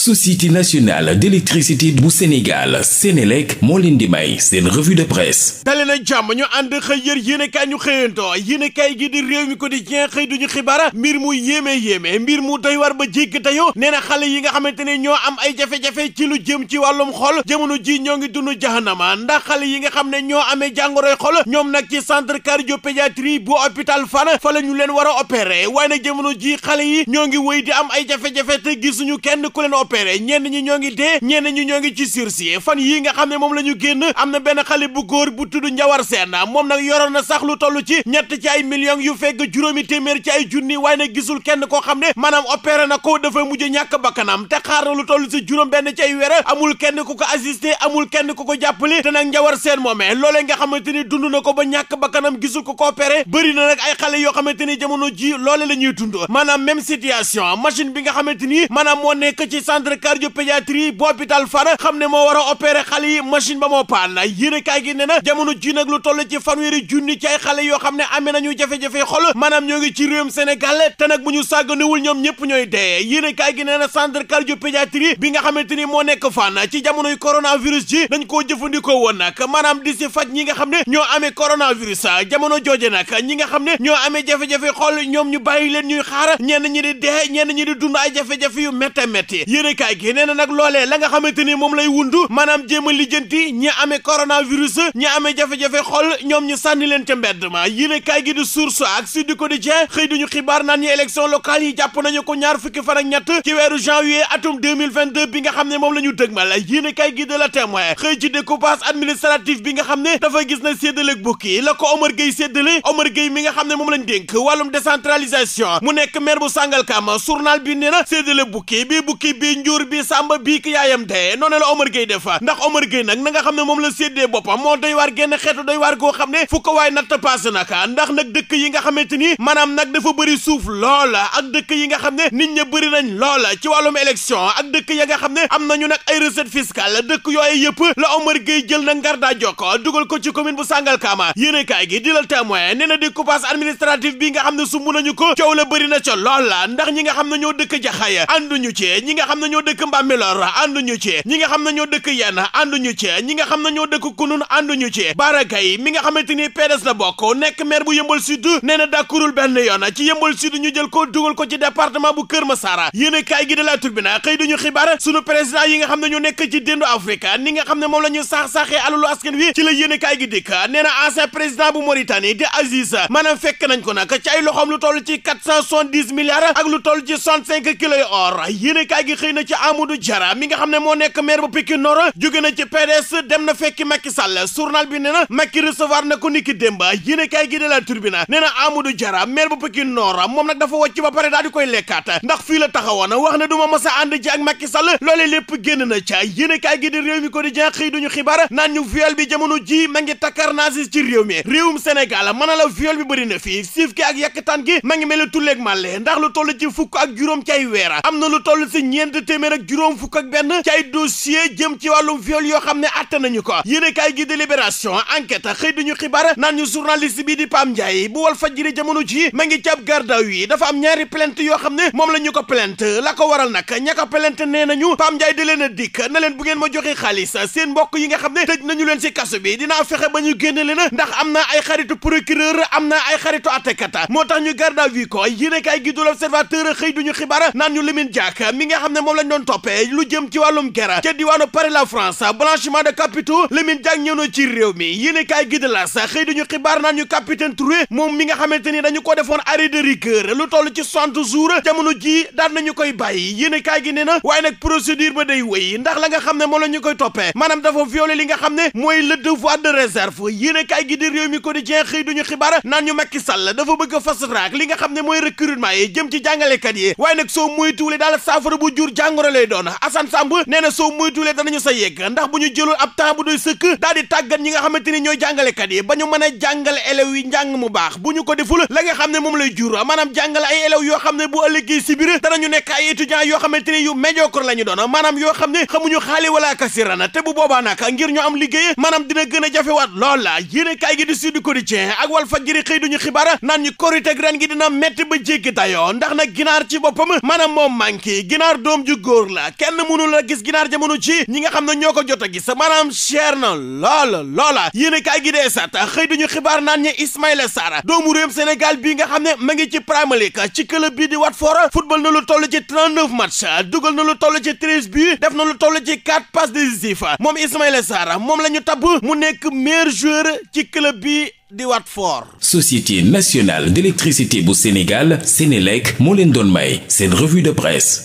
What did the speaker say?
société nationale d'électricité bu Sénégal Sénélec moo leen di may seen revue de presse dale na jàmm ñu ànd xëy yër yéenekaay ñu xëyantoo yéenekaay gi di réew mi quotidien xëy duñu xibaar mbir mu yéeme yéeme mbir mu doy war ba jégg teyoo nee na xale yi nga xamante ne ñoo am ay jafe-jafe ci lu jëm ci wàllum xol jamono ji ñoo ngi dund jahanama ndax xale yi nga xam ne ñoo amee jàngoroy xol ñoom nag ci centre cardiopédiatrie bu hôpital Fann fa la ñu leen war a opérer waaye jamono ji xale yi ñoo ngi wéy di am ay jafe te gisuñu kenn ku leen opéré ñenn ñi ñoo ngi dee ñenn ñi ñoo ngi ci sursis fan yii nga xam ne moom la ñu génn am na benn xale bu góor bu tudd Njawar Seen moom nag yoroon na sax lu toll ci ñett ci ay millions yu fekk juróomi téeméer ci ay junni waaye nag gisul kenn ko xam ne maanaam opéré na ko dafa mujj ñàkk bakkanam te xaar na lu toll ci juróom benn ci ay wér amul kenn ku ko assisté amul kenn ku ko jàppale te nag Njawar Seen moomee loolee nga xamante ni dund na ko ba ñàkk bakkanam gisul ko ko opéré na nag ay xale yoo xamante ni jamono ji loole la ñuy dund maanaam même situation machine bi nga xamante ni maanaam moo centre cardiopédiatrie bu hôpital Fann xam ne moo war a opérer xale yi machine ba moo paan yéenekaay gi ne na jamono ji nag lu toll ci fanweeri junni ci xale yoo xam ne amee nañu jafe-jafe xol maanaam ñoo ngi ci réewum Sénégal te nag bu ñu sàgganewul ñoom ñëpp ñooy dee yéenekaay gi nee na centre cardiopédiatrie bi nga xamante ni moo nekk Fann ci jamonoy coronavirus ji dañ koo jëfandikoo woon nag maanaam di si faj ñi nga xam ne ñoo amee coronavirus jamono jooje nag ñi nga xam ne ñoo amee jafe-jafe xol ñoom ñu bàyyi leen ñuy xaar ñenn ñi di dee ñenn ñi di dund ay jafe-jafe yu métte métti yéenekaay gi nee na nag loolee la nga xamante ni moom lay wundu maanaam jéem a lijjanti ñi amee coronavirus ñi amee jafe-jafe xol ñoom ñu sànni leen ca mbedd ma yéenekaay gi di source ak Sud Quotidien xëy duñu xibaar naan ñi élection locale yi jàpp nañu ko ñaar fukki fan ak ñett ci weeru janvier atum bi nga xam ne moom la ñu dëgmal yéenekaay gi la témoin xëy ci découpage administratif bi nga xam ne dafa gis na séddale bukki la ko Omar Gueye séddale Omar Gueye njuur bi sàmba biik yaayam dee noonu a Omar Gueye def ndax Omar Gueye nag na nga xam ne moom la séddee boppam moo doy waar genn xeetu doy waar goo xam ne fu ko natt passé naka ndax nag dëkk yi nga xamante ni maanaam nag dafa bëri suuf loola ak dëkk yi nga xam ne nit ña bëri nañ loola ci wàllum élection ak dëkk ya nga xam ne am nañu nag ay recette fiscale dëkk yooyu yëpp la Omar Gueye jël na ngar daa dugal ko ci commune bu Sàngalkaama yéene kaay na découpage administratif bi nga xam ne sumb nañu ko coow la bëri na ca loola ndax ñi nga xam ñoo dëkk Mbambilor ànduñu ci ñi nga xam ne ñoo dëkk yenn ànduñu ci ñi nga xam ne ñoo dëkk kunun ànduñu ci Barakay mi nga xamante ni PDS la bokk nekk maire bu yëmbal sud nee na dàkkurul benn yoon ci yëmbal sud ñu jël ko dugal ko ci département bu Kër Masara yéen kaay gi de la Tribune xëy duñu xibaar sunu président yi nga ne nekk ci déndu Afrique ni nga xam ne moom la ñu saax-saaxee alalu askan wi ci la yéen kaay gi dikk nee na ancien bu Mauritanie di Aziz maanaam fekk nañ ko nag ci ay loxoom lu toll ci 470 milliards ak lu toll ci 65 kilo or yéen kaay xëy na na ci Amadou Diarra mi nga xam ne moo nekk maire bu Pikine Nord jóge na ci PDS dem na fekki Macky Sall journal bi nee na Macky recevoir na ko niki démba yéen a kaay gi de la Tribune nee na Amadou Diarra maire bu Pikine Nord moom nag dafa wàcc ba pare daal koy lekkaat ndax fii la taxawoon wax ne du ma a ànd ci ak Macky Sall lépp génn na ca yéen a kaay gi di réew mi ko di jeex xëy duñu xibaar naan ñu viol bi jamono ji ma ngi takkar ci réew mi réewum la bi bëri na fii siif ki gi ma ngi mel tulleeg màlle ndax lu toll ci fukk ak juróom téeméer ak juróom fukk ak benn ci ay jëm ci wàllum viol yoo xam ne atte nañu ko yéene kaay gi délibération enquête xëy dañu xibaar naan ñu journaliste bi di Pam Ndiaye bu wal fajiri jamono ji ma ngi cab gardaw yi dafa am ñaari plainte yoo xam ne moom la ñu ko plainte la ko waral nag ña ko plainte nee nañu Pam Ndiaye da leen a dikk na leen bu ngeen ma joxe xaalis seen mbokk yi nga xam ne tëj nañu leen si kaso bi dinaa fexe ba ñu génne leen ndax am na ay ay xaritu moo tax ñu gardaw yi ko yéene kaay gi du l'observateur moom lañ doon toppee lu jëm ci wàllum kera ca diwaanu Paris la France blanchiment de capitaux Lamine Diack ñëw na ci réew mi yéene kaay gi de la sax xëy xibaar naan ñu capitaine Touré moom mi nga xamante ni dañu ko defoon arrêt de rigueur lu toll ci soixante jours jamono ji daan nañu koy bàyyi yéene kaay gi nee na waaye nag procédure ba day wéy ndax la nga xam ne moom la ñu koy toppee maanaam dafa violé li nga xam de réserve yéene kaay gi di réew xibaar naan ñu Macky dafa bëgg fast track li nga xam ne mooy recrutement yi jëm ci jàngoro lay doon Assane Samb nee na soo muytuulee danañu sa yegg ndax bu ñu jëlul ab temps bu sëkk daal di tàggat ñi nga xamante ni ñooy jàngalekat yi ba ñu mën a jàngale élèves yi njàng mu baax bu ñu ko deful la nga xam ne moom lay jur maanaam jàngale ay élèves yoo xam ne bu ëllëgee si biir danañu nekk ay étudiants yoo xamante ni yu médiocre la ñu doon maanaam yoo xam ne xamuñu xaali wala kasirana te bu boobaa nag ngir ñu am liggéey maanaam dina gën a jafewaat lool yéene kaay gi di Sud Quotidien ak Walf Fadjri xëy duñu xibaar naan ñu korite ren gi dina metti ba ndax nag ginaar ci boppam maanaam moom manqué ginaar doom ju góor la kenn mënu la gis ginaar jamono ci ñi nga xam ne ñoo ko jot a gis maanaam cher na loola loola yéen a kaay gi dee sat xëy dañu xibaar naan ñe Ismaïla Sarr doomu réewum Sénégal bii nga xam ne ma ngi ci Premier ci club bi di Watford football na lu toll ci 39 match dugal na lu toll ci 13 buts def na lu toll ci 4 passes moom Ismaïla Sarr moom la ñu tabb mu nekk meilleur joueur ci club bi di Watford. Société nationale d'électricité bu Sénégal Sénélec moo leen doon may seen revue de presse.